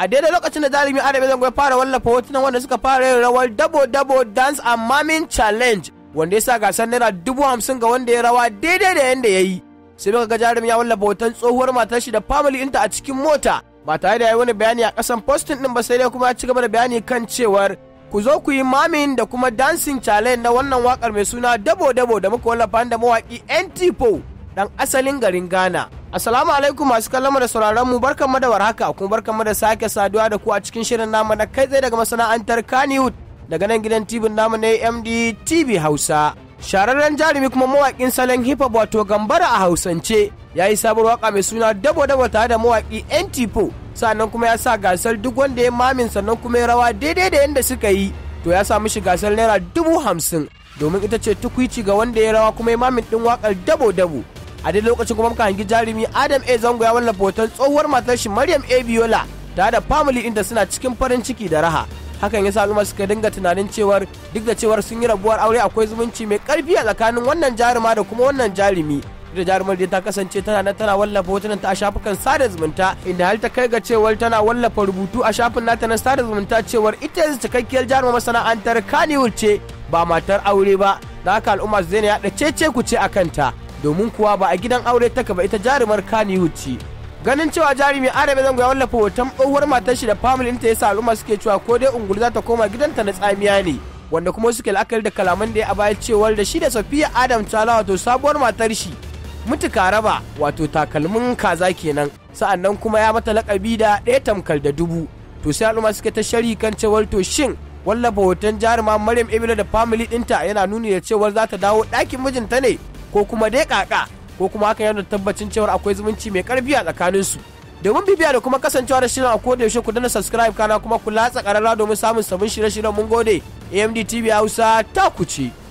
a daidai lokacin da jarumi arabe zango ya fara wallafa hotunan wanda suka fara yin rawar dabo dabo dance and mamin challenge wanda ya sa gasar naira dubu hamsin ga wanda ya rawa daidai da yanda ya yi sai muka ga jarumi ya wallafa hoton tsohuwar matar shi da family inta a cikin mota ba tare da ya wani bayani a kasan posting ɗin ba sai dai kuma ya ci gaba da bayani kan cewar ku zo ku yi mamin da kuma dancing challenge na wannan wakar mai suna dabo dabo da muka wallafa da mawaki ntpo dan asalin garin Ghana. Assalamu alaikum masu kallama da sauraron mu Barkan da warhaka kuma barkanmu da sake saduwa da ku a cikin shirin namu na kai tsaye daga masana'antar Kannywood daga nan gidan TV namu ne AMD TV Hausa. Shararren jarumi kuma mawaƙin salon hip hop wato gambara a Hausance ya yi sabuwar waka mai suna dabo dabo tare da mawaƙi ntpo sannan kuma ya sa gasar duk wanda ya mamin sannan kuma ya rawa daidai da yadda suka yi to ya samu shi gasar naira dubu hamsin domin ita ce tukwici ga wanda ya rawa kuma ya mamin ɗin wakar dabo dabo a dai lokacin kuma muka hangi jarumi adam a zango ya wallafa hoton tsohuwar matar shi maryam a biola tare da family inda suna cikin farin ciki da raha hakan ya sa al'umma suka dinga tunanin cewar duk da cewar sun yi rabuwar aure akwai zumunci mai karfi a tsakanin wannan jaruma da kuma wannan jarumi da jarumar da ta kasance tana nan tana wallafa hotunan ta a shafukan sada zumunta inda har ta kai ga cewar tana wallafa rubutu a shafin nata na sada zumunta cewar ita yanzu cikakkiyar jarumar masana'antar kaniwul ce ba matar aure ba da haka al'umma su zai yaɗa cece ku ce a kanta domin kuwa ba a gidan aure taka ba ita jarumar Kannywood ce. Ganin cewa jarumi Arabe Zango ya wallafa hoton tsohuwar matar shi da familin ta yasa al'umma suke cewa ko dai ungulu za ta koma gidanta na tsamiya ne. Wanda kuma suke la'akari da kalaman da ya baya cewar da shi da Safiya Adam Chala wato sabuwar matar shi. Mutuka raba wato takalmin kaza kenan sa'annan kuma ya mata lakabi da ɗaya tamkar da dubu. To sai al'umma suke ta shari kan cewar to shin wallafa hoton jaruma Maryam Ibila da family ɗinta yana nuni da cewar za ta dawo ɗakin mijinta ne ko kuma dai kaka ko kuma hakan yana tabbacin cewa akwai zumunci mai karfi a tsakanin su domin bibiya da kuma kasancewa da shirin a da yaushe ku danna subscribe kana kuma ku latsa karara domin samun sabon shirye-shiryen mun gode AMD TV Hausa ta kuce.